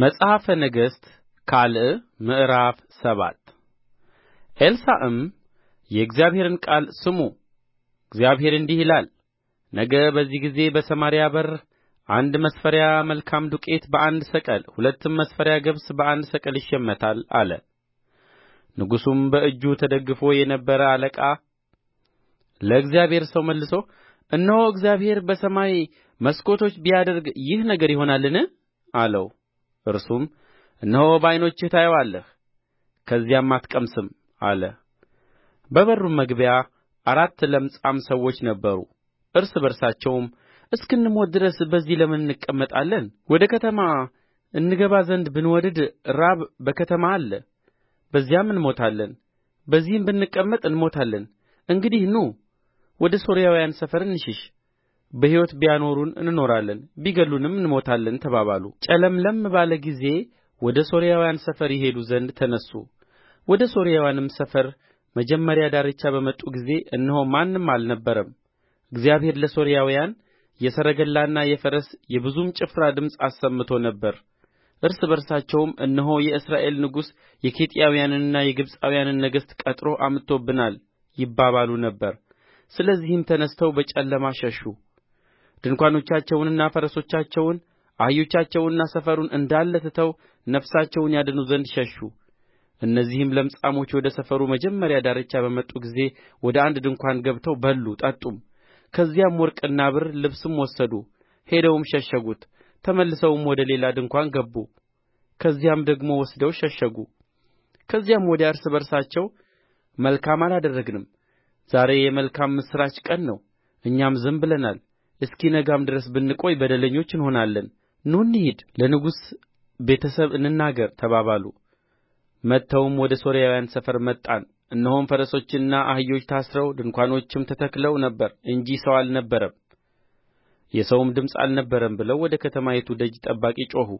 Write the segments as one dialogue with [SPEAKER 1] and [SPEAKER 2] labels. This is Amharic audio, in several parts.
[SPEAKER 1] መጽሐፈ ነገሥት ካልዕ ምዕራፍ ሰባት ኤልሳዕም የእግዚአብሔርን ቃል ስሙ እግዚአብሔር እንዲህ ይላል ነገ በዚህ ጊዜ በሰማርያ በር አንድ መስፈሪያ መልካም ዱቄት በአንድ ሰቅል ሁለትም መስፈሪያ ገብስ በአንድ ሰቅል ይሸመታል አለ ንጉሡም በእጁ ተደግፎ የነበረ አለቃ ለእግዚአብሔር ሰው መልሶ እነሆ እግዚአብሔር በሰማይ መስኮቶች ቢያደርግ ይህ ነገር ይሆናልን አለው እርሱም እነሆ በዓይኖችህ ታየዋለህ ከዚያም አትቀምስም አለ በበሩም መግቢያ አራት ለምጻም ሰዎች ነበሩ እርስ በርሳቸውም እስክንሞት ድረስ በዚህ ለምን እንቀመጣለን ወደ ከተማ እንገባ ዘንድ ብንወድድ ራብ በከተማ አለ በዚያም እንሞታለን በዚህም ብንቀመጥ እንሞታለን እንግዲህ ኑ ወደ ሶርያውያን ሰፈር እንሽሽ በሕይወት ቢያኖሩን እንኖራለን ቢገድሉንም እንሞታለን ተባባሉ ጨለምለም ባለ ጊዜ ወደ ሶርያውያን ሰፈር ይሄዱ ዘንድ ተነሡ ወደ ሶርያውያንም ሰፈር መጀመሪያ ዳርቻ በመጡ ጊዜ እነሆ ማንም አልነበረም እግዚአብሔር ለሶርያውያን የሰረገላና የፈረስ የብዙም ጭፍራ ድምፅ አሰምቶ ነበር እርስ በርሳቸውም እነሆ የእስራኤል ንጉሥ የኬጢያውያንንና የግብጻውያንን ነገሥት ቀጥሮ አምጥቶብናል ይባባሉ ነበር ስለዚህም ተነሥተው በጨለማ ሸሹ ድንኳኖቻቸውንና ፈረሶቻቸውን አህዮቻቸውንና ሰፈሩን እንዳለ ትተው ነፍሳቸውን ያድኑ ዘንድ ሸሹ እነዚህም ለምጻሞች ወደ ሰፈሩ መጀመሪያ ዳርቻ በመጡ ጊዜ ወደ አንድ ድንኳን ገብተው በሉ ጠጡም ከዚያም ወርቅና ብር ልብስም ወሰዱ ሄደውም ሸሸጉት ተመልሰውም ወደ ሌላ ድንኳን ገቡ ከዚያም ደግሞ ወስደው ሸሸጉ ከዚያም ወዲያ እርስ በርሳቸው መልካም አላደረግንም ዛሬ የመልካም ምስራች ቀን ነው እኛም ዝም ብለናል እስኪነጋም ድረስ ብንቆይ በደለኞች እንሆናለን ኑ እንሂድ ለንጉሥ ቤተ ሰብ እንናገር ተባባሉ መጥተውም ወደ ሶርያውያን ሰፈር መጣን እነሆም ፈረሶችና አህዮች ታስረው ድንኳኖችም ተተክለው ነበር እንጂ ሰው አልነበረም የሰውም ድምፅ አልነበረም ብለው ወደ ከተማይቱ ደጅ ጠባቂ ጮኹ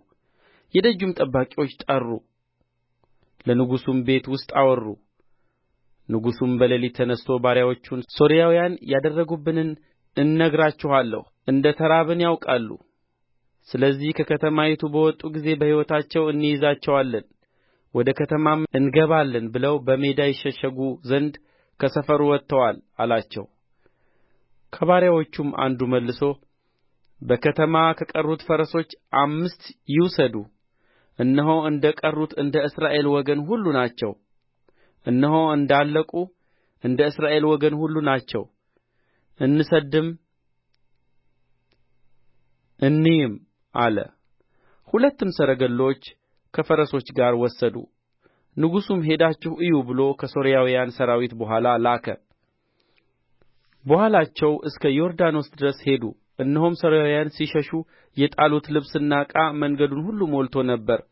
[SPEAKER 1] የደጁም ጠባቂዎች ጠሩ ለንጉሡም ቤት ውስጥ አወሩ ንጉሡም በሌሊት ተነሥቶ ባሪያዎቹን ሶርያውያን ያደረጉብንን እነግራችኋለሁ እንደ ተራብን ያውቃሉ ስለዚህ ከከተማይቱ በወጡ ጊዜ በሕይወታቸው እንይዛቸዋለን ወደ ከተማም እንገባለን ብለው በሜዳ ይሸሸጉ ዘንድ ከሰፈሩ ወጥተዋል አላቸው ከባሪያዎቹም አንዱ መልሶ በከተማ ከቀሩት ፈረሶች አምስት ይውሰዱ እነሆ እንደ ቀሩት እንደ እስራኤል ወገን ሁሉ ናቸው እነሆ እንዳለቁ እንደ እስራኤል ወገን ሁሉ ናቸው እንስደድም እንይም አለ ሁለትም ሰረገሎች ከፈረሶች ጋር ወሰዱ ንጉሡም ሄዳችሁ እዩ ብሎ ከሶርያውያን ሠራዊት በኋላ ላከ በኋላቸው እስከ ዮርዳኖስ ድረስ ሄዱ እነሆም ሶርያውያን ሲሸሹ የጣሉት ልብስና ዕቃ መንገዱን ሁሉ ሞልቶ ነበር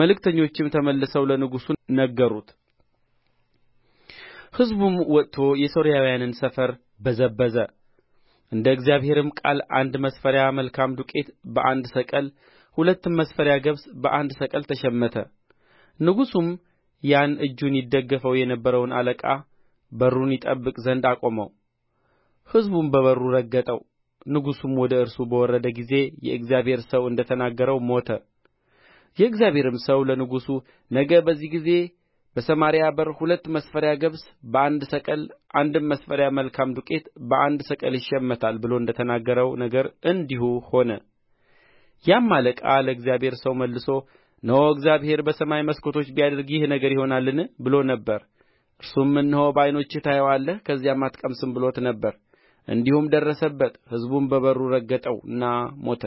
[SPEAKER 1] መልእክተኞችም ተመልሰው ለንጉሡ ነገሩት ሕዝቡም ወጥቶ የሶርያውያንን ሰፈር በዘበዘ እንደ እግዚአብሔርም ቃል አንድ መስፈሪያ መልካም ዱቄት በአንድ ሰቅል ሁለትም መስፈሪያ ገብስ በአንድ ሰቅል ተሸመተ ንጉሡም ያን እጁን ይደገፈው የነበረውን አለቃ በሩን ይጠብቅ ዘንድ አቆመው ሕዝቡም በበሩ ረገጠው ንጉሡም ወደ እርሱ በወረደ ጊዜ የእግዚአብሔር ሰው እንደ ተናገረው ሞተ የእግዚአብሔርም ሰው ለንጉሡ ነገ በዚህ ጊዜ በሰማርያ በር ሁለት መስፈሪያ ገብስ በአንድ ሰቅል አንድም መስፈሪያ መልካም ዱቄት በአንድ ሰቅል ይሸመታል ብሎ እንደ ተናገረው ነገር እንዲሁ ሆነ ያም አለቃ ለእግዚአብሔር ሰው መልሶ እነሆ እግዚአብሔር በሰማይ መስኮቶች ቢያደርግ ይህ ነገር ይሆናልን ብሎ ነበር እርሱም እነሆ በዓይኖችህ ታየዋለህ ከዚያም አትቀምስም ብሎት ነበር እንዲሁም ደረሰበት ሕዝቡም በበሩ ረገጠውና ሞተ